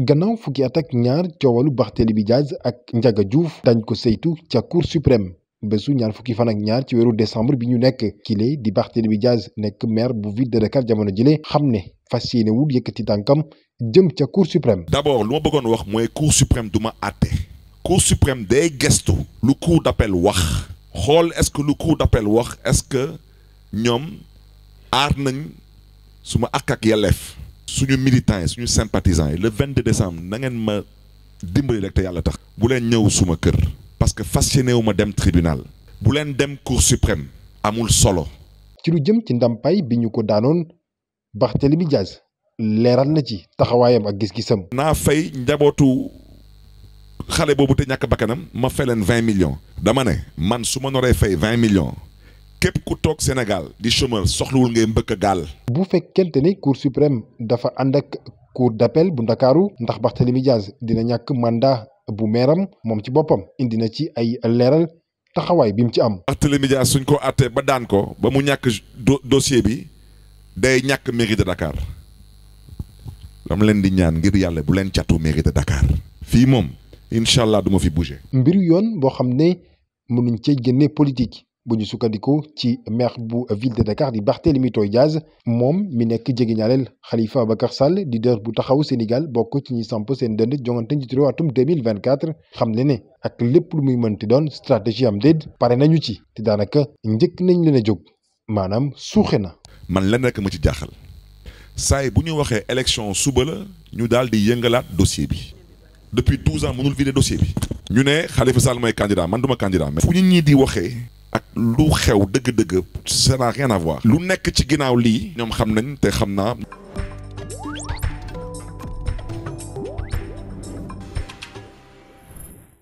gannaaw fukki at ak ñaar coowalu Barthélemy Diaz ak Ndiaga Diouf dañ ko seytu ca cour suprême bésu ñaar fukki fan ak ñaar ci weru décembre bi ñu nekk kile di bi Diaz nekk maire bu ville de Dakar jamono jile xam ne fas yéene wul tànkam jëm ca cour suprême. d'abord lu ma bëggoon wax mooy cour suprême du ma àtte. cour suprême day gestu. lu cour d'appel wax. xool est que lu cour d'appel wax est-ce que ñoom. aar nañ suma àq ak yelleef suñu militants yi suñu sympathisants yi le décembre na ngeen ma dimb rek te yàlla tax bu leen ñëw suma kër parce que fas yéene wu ma dem tribunal bu leen dem cour suprême amul solo ci lu jëm ci ndàmpaay bi ñu ko daanoon Barthélémy Diaz leeral na ci taxawaayam ak gis-gisam naa fay njabootu xale boobu te ñàkk bakkanam ma fay leen vingt millions dama ne man su ma noree fay vingt millions képp ku toog Sénégal di chômeur soxlawul ngay mbëkk gaal. bu fekkente ni cour suprême dafa ànd ak cour d'appel bu ndakaaru ndax Barthélémy Dias dina ñàkk mandat bu meeram moom ci boppam indi na ci ay leeral taxawaay bi mu ci am. Barthélémy Dias suñ ko àttee ba daan ko ba mu ñàkk dossier bi day ñàkk mairie de Dakar dama leen di ñaan ngir yàlla bu leen catu mairie de fii moom incha duma fi bouger. mbir yoon boo xam ne mënuñ cee génne politique. bu ñu sukkandiku ci maire bu ville de Dakar di Barthélémy Toye Dias moom mi nekk jege ñaaleel Khalifa Ababacar Sall di dër bu taxaw Sénégal bokk ci ñi samp seen dënd jongante njiitu réew atum 2024 xam le ne ak lépp lu muy mënti doon stratégie am déet pare nañu ci te daanaka njëkk nañ leen a jóg maanaam suuxe na. man la nekk ma ci jaaxal saay bu ñu waxee élection suba la ñu daal di yëngalaat dossier bi depuis 12 ans mënul vider dossier bi. ñu ne Khalifa Sall mooy candidat man lu xew dëgg-dëgg ça n'a rien à voir lu nekk ci ginnaaw lii ñoom xam nañ te xam naa